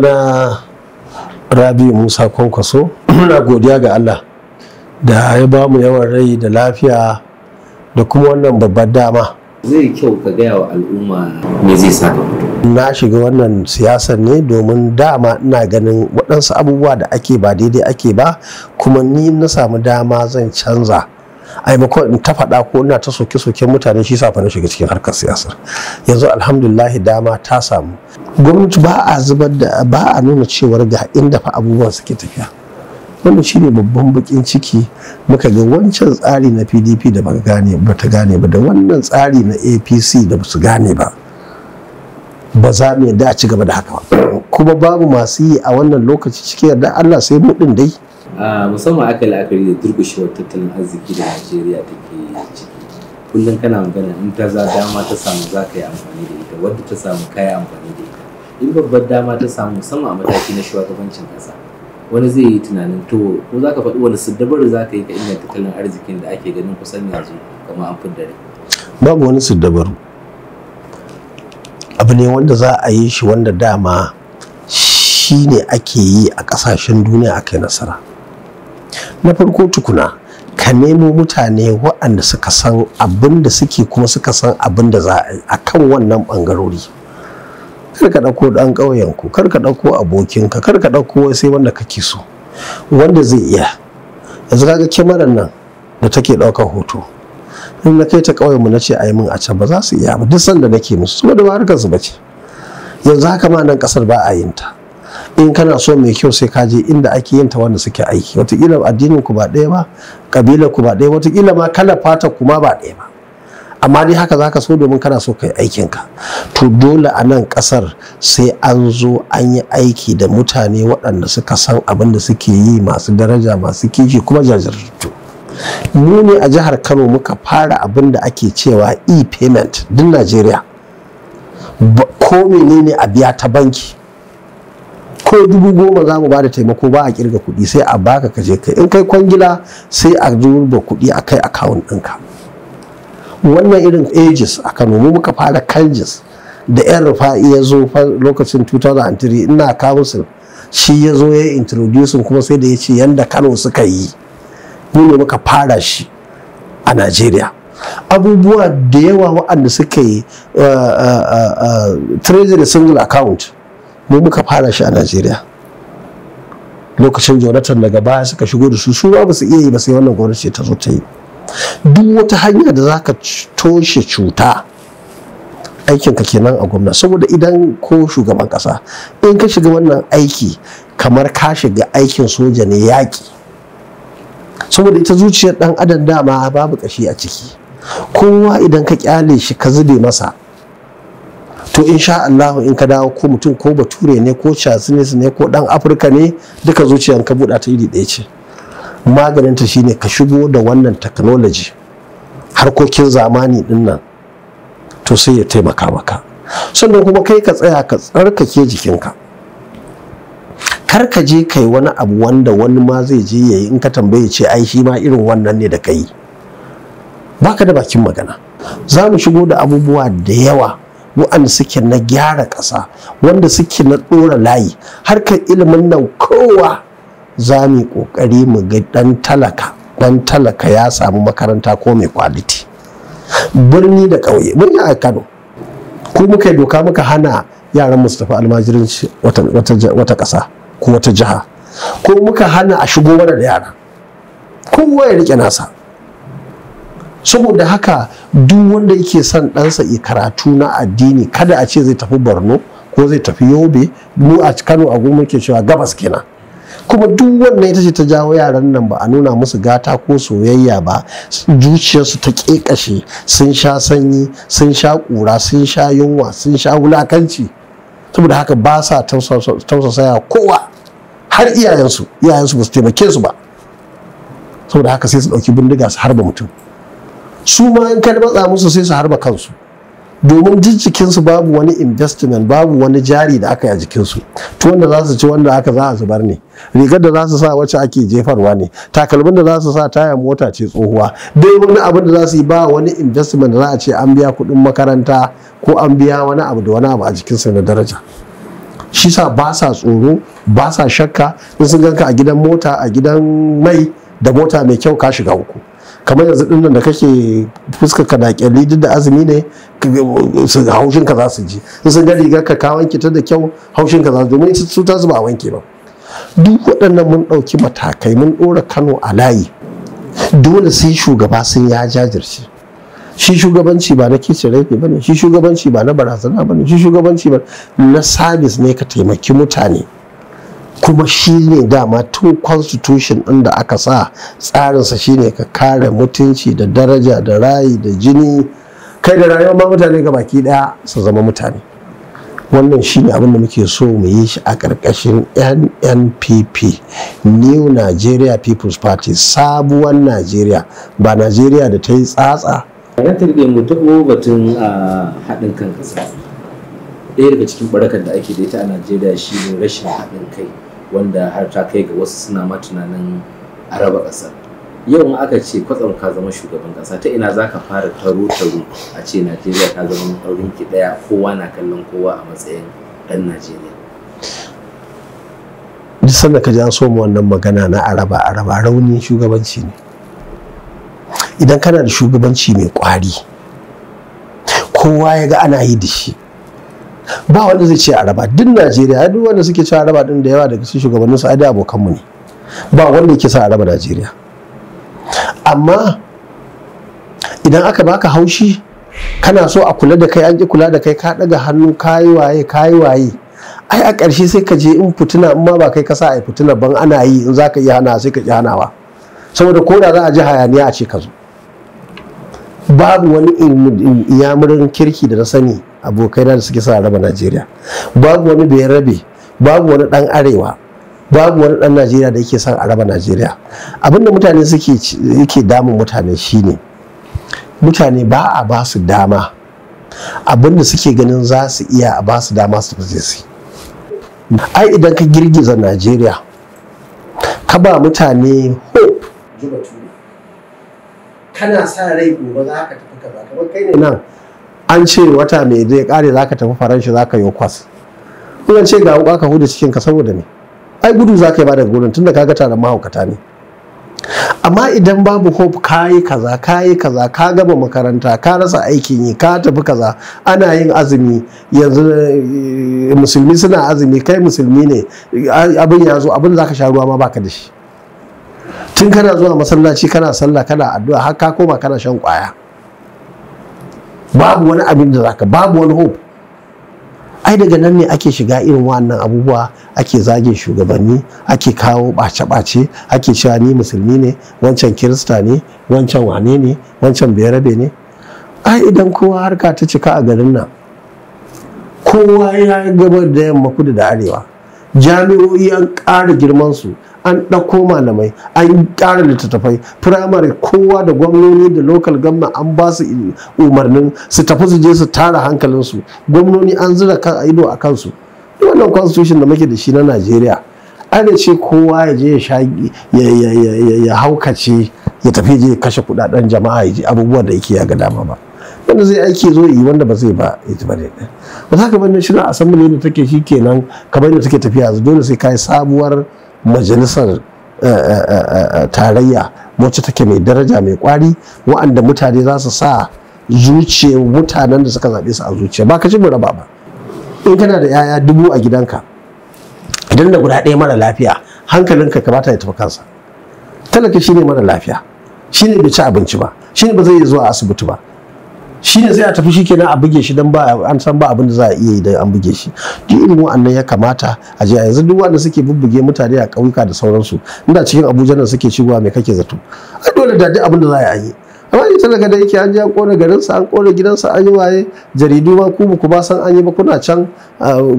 na rabi musa kwankwaso muna godiya ga allah da ya ba mu yawan rai da lafiya da kuma wannan babbar dama zai kyau ka gaya wa al'umma me zai sa ka na shiga wannan siyasar ne domin dama ina ganin waɗansu abubuwa da ake ba daidai ake ba kuma ni na samu dama zan canza a maimakon in ta faɗa ko ina ta soke soke mutane shi safa na shiga cikin harkar siyasar yanzu alhamdulillah dama ta samu gwamnati ba a zubar da ba a nuna cewar ga inda fa abubuwan suke tafiya wannan shine babban bakin ciki muka ga wancan tsari na pdp da ba gane ba ta gane ba da wannan tsari na apc da ba su gane ba ba za mu yarda a ci gaba da haka ba kuma babu masu yi a wannan lokaci cikin yarda allah sai mu dai musamman aka la'akari da durgushewar tattalin arziki da najeriya ke ciki kullum kana magana in ta za dama ta samu za ka yi amfani da ita wadda ta samu ka yi amfani da ita in babbar dama ta samu musamman a mataki na shugabancin kasa wani zai yi tunanin to ko za ka faɗi wani siddabar za ka yi ka inganta tattalin arzikin da ake ganin kusan yanzu kamar an fidda rai babu wani siddabar abu ne wanda za a yi shi wanda dama shi ne ake yi a kasashen duniya a kai nasara na farko tukuna ka nemo mutane waɗanda suka san abin da suke kuma suka san abin da za a kan wannan ɓangarori kar ka ɗauko ɗan ƙauyenku kar ka ɗauko abokinka kar ka ɗauko sai wanda kake so wanda zai iya yanzu kaga kyamarar nan da take ɗaukar hoto in na kai ta ƙauyenmu na ce a yi min a can ba za su iya ba duk sanda nake musu su ba harkar su ba ce yanzu haka ma nan ƙasar ba a yin ta in kana so mai kyau sai ka je inda ake yin ta wanda suke aiki watakila addinin ku ba ɗaya ba ƙabilar ku ba ɗaya watakila ma kala fata kuma ba ɗaya ba amma dai haka zaka so domin kana so kai aikin ka to dole a nan ƙasar sai an zo an yi aiki da mutane waɗanda suka san abin da suke yi masu daraja masu kishi kuma jajirtu mu ne a jihar kano muka fara abin da ake cewa e-payment din najeriya ko menene a biya ta banki ko dubu goma za mu ba da taimako ba a kirga kuɗi sai a baka ka je kai in kai kwangila sai a da kuɗi a kai akawun ɗinka wannan irin ages a kano mu muka fara kanjis da yan rufa'i ya zo lokacin 2003 ina council shi ya zo ya introducing kuma sai da ya ce yanda kano suka yi mu ne muka fara shi a nigeria. abubuwa da yawa waɗanda suka yi eh, eh, eh, treasury single account mu muka fara shi a najeriya lokacin jonathan daga baya suka shigo da su su ba su iya yi ba sai wannan gwamnati ta zo ta yi duk wata hanya da za ka toshe cuta aikinka kenan a gwamna saboda idan ko shugaban kasa in ka shiga wannan aiki kamar ka shiga aikin soja ne yaƙi saboda ita zuciyar ɗan adam dama babu ƙashi a ciki kowa idan ka kyale shi ka zube masa to insha Allah in ka dawo ko mutum ko bature ne ko chasinis ne ko dan afirka ne duka zuciyan ka buɗa ta iri ɗaya ce maganinta shine ka shigo da wannan technology harkokin zamani din nan to sai ya taimaka maka sannan kuma kai ka tsaya ka tsarkake jikinka kar ka je kai wani abu wanda wani ma zai je yayi in ka tambaye ce ai shi ma irin wannan ne da kai baka da bakin magana za mu shigo da abubuwa da yawa waɗanda suke na gyara ƙasa wanda suke na ɗora layi harkar ilimin nan kowa za mu ƙoƙari mu ga ɗan talaka ɗan talaka ya samu makaranta ko mai kwaliti birni da ƙauye mun yi a kano ko muka yi doka muka hana yaran mustapha almajirin wata ƙasa ko wata jiha ko muka hana a shigo mana da yara kowa ya riƙe nasa saboda haka duk wanda yake son ɗansa ya karatu na addini kada a ce zai tafi borno ko zai tafi yobe mu a kano a goma ke cewa gabas kenan kuma duk wanda ita ce ta jawo yaran nan ba a nuna musu gata ko soyayya ba zuciyarsu ta ƙeƙashe sun sha sanyi sun sha ƙura sun sha yunwa sun sha wulakanci saboda haka ba sa tausasaya kowa har iyayensu iyayensu ba su taimake su ba saboda haka sai su ɗauki bindiga su harba mutum su ma in ka matsa musu sai su harba kansu domin duk babu wani investment babu wani jari da aka yi a jikinsu to wanda za su ci wanda aka za a zubar ne rigar da za su sa wacce ake jefarwa ne takalmin da za su sa taya mota ce tsohuwa dai wani abin da za su yi ba wani investment da za a ce an biya kuɗin makaranta ko an biya wani abu da wani abu a jikinsu na daraja shi sa ba sa tsoro ba sa shakka in sun ganka a gidan mota a gidan mai da mota mai kyau ka shiga uku kamar yanzu din da kake fuska ka da kyalli duk da azumi ne haushin ka za su ji sun ga rigar ka ka wanke ta da kyau haushin ka za su domin su ta zuba wanke ba duk waɗannan mun ɗauki matakai mun ɗora kano a layi dole sai shugaba sun ya jajirce shi shugabanci ba na rafi ba ne, shi shugabanci ba na barazana ba ne, shi shugabanci ba na sabis ne ka taimaki mutane kuma shi ne dama tun constitution ɗin da aka sa tsarinsa shi ne ka kare mutunci da daraja da rayi da jini kai da rayuwar ma mutane ga baki daya su zama mutane wannan shi ne abin da muke so mu yi shi a ƙarƙashin nnpp new nigeria people's party sabuwar nigeria ba nigeria da ta yi tsatsa ya tarbe mu taɓo batun ah, haɗin kan ƙasa ɗaya daga cikin barakar da ake da ita a najeriya shi ne rashin haɗin kai wanda har ta kai ga wasu suna ma tunanin araba ƙasar yau in aka ce kwatsam ka zama shugaban ƙasa ta ina za ka fara taro taro a ce najeriya ta zama aurin ki ɗaya kowa na kallon kowa a matsayin ɗan najeriya duk sanda ka ji an so wannan magana na araba araba raunin shugabanci ne idan kana da shugabanci mai kwari kowa ya ga ana yi da shi ba wanda zai ce araba duk najeriya duk wanda suke cewa araba din da yawa daga su shugabannin su abokan abokanmu ne ba wanda yake sa araba najeriya amma idan aka baka haushi kana so a kula da kai an ki kula da kai ka daga hannu kayi waye kayi waye ai a ƙarshe sai ka je in fituna in ma ba kai kasa ai fituna ban ana yi in za ka iya hana sai ka ƙi hanawa saboda ko da za a ji hayaniya a ce ka zo babu wani iyamurin kirki da na sani abokaina da suke sa raba najeriya babu wani bai rabe babu wani dan arewa babu wani dan najeriya da yake son a raba najeriya abinda mutane suke yake damun mutane shine mutane ba a ba su dama abinda suke ganin za su iya a ba su dama su fi su ai idan ka girgiza najeriya ka ba mutane hope kana sa rai gobe za ka tafi ka ba kamar kai ne nan an ce wata mai zai kare zaka tafi faranshi zaka yi kwas in ce ga wuka ka huda cikin ka saboda ne. ai gudu zaka yi ba daga da tunda kaga da mahaukata ne amma idan babu hope yi kaza ka yi kaza ka gama makaranta ka rasa aikin yi ka tafi kaza ana yin azumi yanzu eh, musulmi suna azumi kai musulmi ne abin ya zo abin ka sha ruwa ma baka da shi tun kana zuwa masallaci kana sallah kana addu'a har ka koma kana shan kwaya babu wani abin da zaka babu wani hope ai daga nan ne ake shiga irin wannan abubuwa ake zagin shugabanni ake kawo ɓace-ɓace ake cewa ni musulmi ne wancan kirista ne wancan wane ne wancan berabe ne ai idan kowa harka ta cika a garin nan kowa ya gaba da yamma kudu da arewa jami'o'i an ƙara girmansu an ɗauko malamai an ƙara littattafai firamare kowa da gwamnoni da lokal gamma an ba su umarnin su tafi su je su tara hankalinsu gwamnoni an zira kan ido a kansu duk wannan constitution da muke da shi na najeriya ana ce kowa ya je ya haukace ya tafi je kashe kudaden jama'a ya je abubuwan da yake ya ga dama ba wanda zai aiki zo yi wanda ba zai ba ya ji bane ba za ka bane shirin assembly da take shi kenan kamar yadda take tafiya dole sai kai sabuwar majalisar eh, eh, eh, tarayya wacce take mai daraja mai kwari waɗanda mutane za su sa zuciya. mutanen da suka zaɓe su a zuciya ba ka ci raba ba in kana da 'ya'ya dubu a gidanka idan da guda ɗaya mara lafiya hankalinka ka bata ya tafi kansa talaka ne mara lafiya shine bai ci abinci ba shine ba zai iya zuwa asibiti ba shi ne sai a tafi shi kenan a buge shi don ba an san ba abin da za a iya yi don an buge shi duk irin wa'annan ya kamata a jiya yanzu duk wanda suke bubbuge mutane a ƙauyuka da sauransu inda cikin abuja nan suke shigowa mai kake zato a dole da duk abin da za a yi amma ita daga da yake an je an kone garinsa an kone gidansa an yi waye jaridu ma ku ku ba san an yi ba kuna can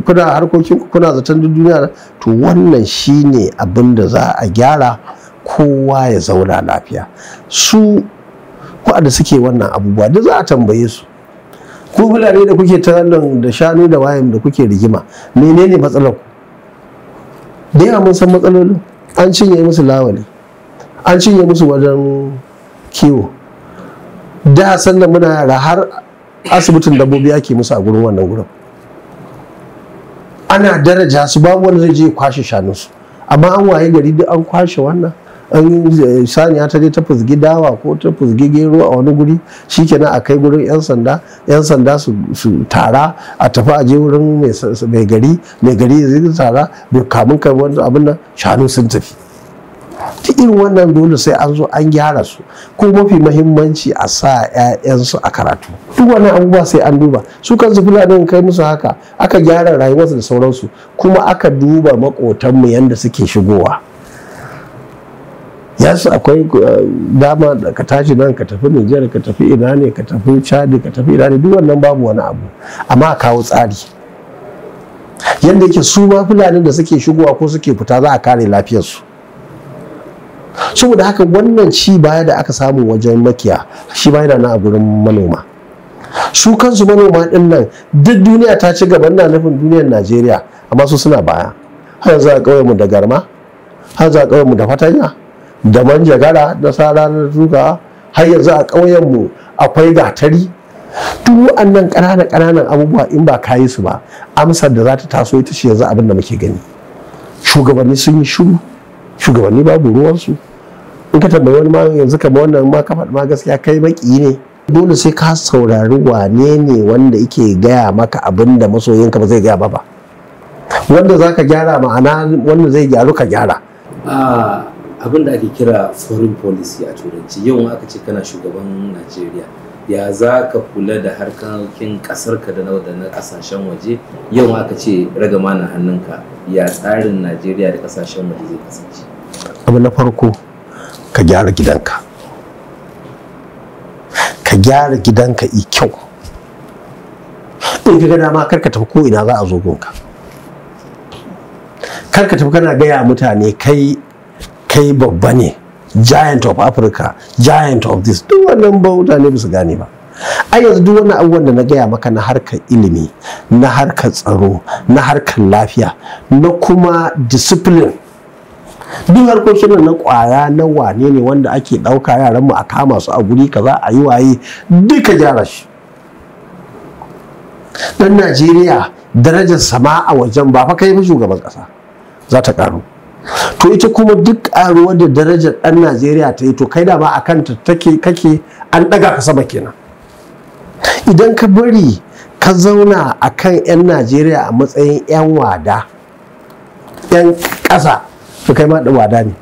kuna harkokin ku kuna zaton duk duniya to wannan shine abin da za a gyara kowa ya zauna lafiya su da suke wannan abubuwa duk za a tambaye su ku fulani da kuke nan da shanu da wayan da kuke rigima menene matsalar ku da yawa mun san matsalolin an cinye musu lawali an cinye musu wajen kiwo da sannan muna yara har asibitin dabbobi ake musu a gurin wannan gurin ana daraja su babu wanda zai je kwashe shanunsu amma an waye gari duk an kwashe wannan an yi eh, saniya ta je ta fuzgi dawa ko ta fuzgi gero a wani guri shi kenan a kai gurin 'yan sanda 'yan sanda su tara a tafi a je wurin mai gari mai gari zai tara mai kamun kai wani abin nan shanu sun tafi ta irin wannan dole sai an zo an gyara su ko mafi mahimmanci a sa su a karatu duk wani abubuwa sai an duba su kansu fulanin kai musu haka aka gyara rayuwarsu da sauransu kuma aka duba makotanmu yadda suke shigowa yasu akwai eh, dama da ka tashi nan ka tafi Nijar ka tafi ina ne ka tafi chadi ka tafi ina ne duk wannan babu wani abu amma a kawo tsari yadda yake su ma fulani da suke shigowa ko suke fita za a kare lafiyarsu saboda haka wannan ci baya da aka samu wajen makiya shi baya na a gurin manoma su kansu manoma din nan duk duniya ta ci gaban na nufin duniyar najeriya amma su suna baya har za a mu da garma har za a mu da fatanya da manjagara na sa ranar duka har yanzu a ƙauyenmu akwai gatari duk wa'annan ƙananan ƙananan abubuwa in ba kayi su ba amsar da za ta taso ita ce yanzu abin da muke gani shugabanni sun yi shiru shugabanni babu ruwansu in ka tambayi wani ma yanzu kama wannan ma ka ma gaskiya kai baki ne dole sai ka saurari wane ne wanda yake gaya maka abin da masoyinka ba zai gaya ba wanda za ka gyara ma'ana wanda zai gyaru ka gyara ah, abin da ake kira foreign policy a turanci yau aka ce kana shugaban najeriya ya za ka kula da harkokin ƙasarka da na ƙasashen waje yau aka ce ragama na hannunka ya tsarin najeriya da ƙasashen waje zai kasance abu na farko ka gyara gidanka ka gyara gidanka i kyau in ka gana ma karka tafi ko ina za a zo gonka karka tafi kana gaya mutane kai kai babba ne giant of africa giant of this duk wannan ba ba su gane ba a yanzu duk wani abubuwan da na gaya maka na harkar ilimi na harkar tsaro na harkar lafiya na kuma discipline duk harkokin na kwaya na wane ne wanda ake ɗauka yaran mu a kama su a guri kaza a yi waye duka gyara shi dan najeriya darajar sama a wajen ba fa kai ba shugaban ƙasa za ta ƙaru to ita kuma duk ruwa da darajar ɗan najeriya ta yi to kai da ba a kanta take kake an ɗaga ka sama kenan idan ka bari ka zauna a kan 'yan najeriya a matsayin 'yan wada 'yan ƙasa to kai ma da wada ne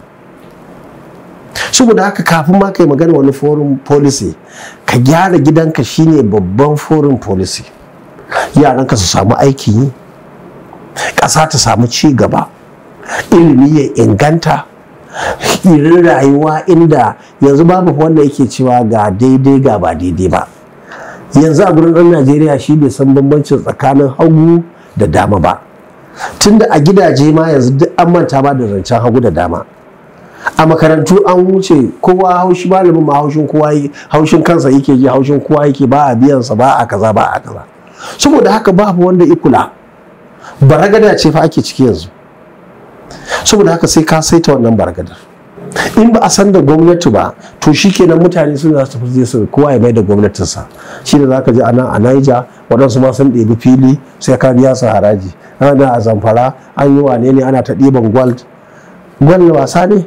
saboda haka kafin ma kai magana wani forum policy ka gyara gidanka shine babban forum policy yaranka su samu aikin yi ƙasa ta samu ci gaba ilimi ya inganta irin rayuwa inda yanzu babu wanda yake cewa ga daidai ga ba daidai ba yanzu a gurin ɗan najeriya shi bai san bambancin tsakanin hagu da dama ba tunda a gidaje ma yanzu duk an manta ba da zancen hagu da dama a makarantu an wuce kowa haushi malamin ma haushin kowa haushin kansa yake ji haushin kowa yake ba a biyan sa ba a kaza ba a kaza saboda haka babu wanda ikula baragada ce fa ake ciki yanzu saboda haka sai ka saita wannan bargadar in ba a san da gwamnati ba to shi shikenan mutane sun za su tafi su kowa ya bai da gwamnatinsa shi da za ka ji anan a Niger waɗansu ma sun ɗebi fili sai ka biya su haraji ana a zamfara an yi wane ne ana ta ɗiban gwald na wasa ne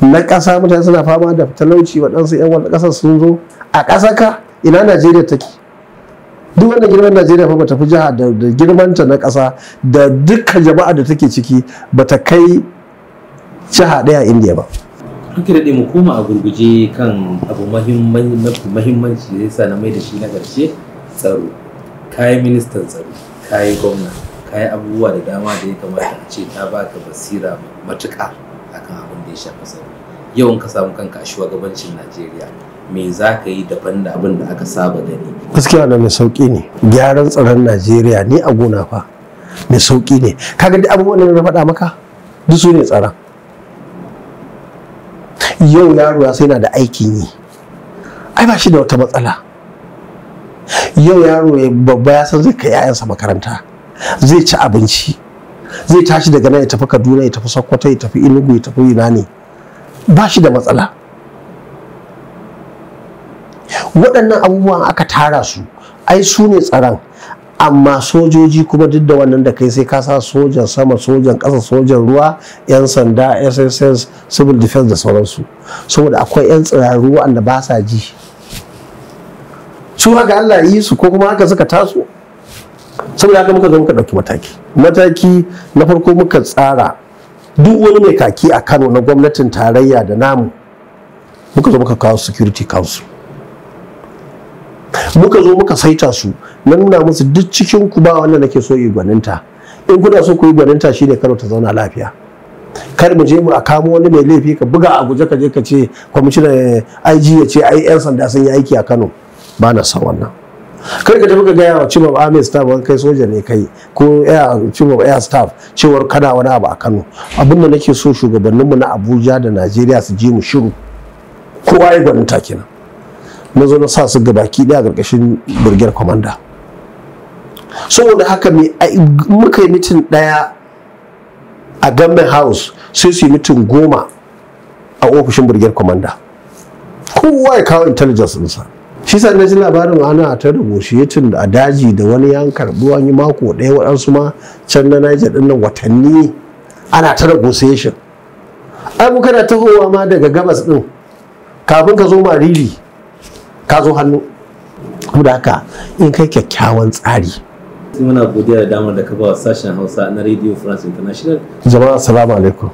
na ƙasa mutane suna fama da talauci waɗansu 'yan wani ƙasar sun zo a ƙasa ka ina Najeriya take duk wanda girman najeriya fa bata fi jiha da ta na kasa da duka jama'a da take ciki bata kai jiha ɗaya indiya ba kuke daɗe mu koma a gurguje kan abu mahimmanci da yasa na mai da shi na ƙarshe tsaro kayan ministan tsaro kayan gwamna kayan abubuwa da dama da ya kamata a ce ta baka basira matuƙa akan abin da ya shafi tsaro yawan ka samu kanka a shugabancin najeriya me za ka yi daban da abin da aka saba gani gaskiya na mai sauki ne gyaran tsaron najeriya ni a gona fa mai sauki ne kaga duk abubuwan da na faɗa maka duk su ne tsaron yau yaro ya sai na da aikin yi ai ba shi da wata matsala yau yaro ya babba ya san zai kai 'ya'yansa makaranta zai ci abinci zai tashi daga nan ya tafi kaduna ya tafi sokoto ya tafi inugu ya tafi Yunani ba shi da matsala waɗannan abubuwan aka tara su ai su ne tsaron amma sojoji kuma duk da wannan da kai sai ka sa sojan sama sojan ƙasa sojan ruwa 'yan sanda sss civil defense da sauransu saboda akwai 'yan tsiraru wanda ba sa ji su haka allah yi su ko kuma haka suka taso saboda haka muka zo muka ɗauki mataki mataki na farko muka tsara duk wani mai kaki a kano na gwamnatin tarayya da namu muka zo muka kawo security council muka zo muka saita su na nuna musu duk cikin ku ba wanda nake so yi gwaninta in kuna so ku yi gwaninta shine kano ta zauna lafiya kar mu je mu a kamo wani mai laifi ka buga a guje ka je ka ce kwamishinan eh, IG ya ce ai yan sanda sun yi aiki a Kano ba na san wannan kar ka tafi ka gaya wa chief ba mai staff wani kai soja ne kai ko chief of air staff cewar kana wani abu a Kano abin nake so shugabannin mu na Abuja da Najeriya su je mu shiru kowa ya gwaninta kenan na zo na sa su ga baki daya karkashin burger kwamanda saboda haka muka yi mitin daya a government house sai su yi mitin goma a ofishin burger kwamanda kowa ya kawo intelligence ɗinsa shi sa na ji labarin ana ta negotiating da a daji da wani yan karɓi an yi mako daya waɗansu ma can na Niger ɗin watanni ana ta negotiation ai muka kana tahowa ma daga gabas ɗin kafin ka zo mariri ka zo hannu da haka in kai kyakkyawan tsari muna godiya da damar da ka ba sashen hausa na radio france international jama'a assalamu alaikum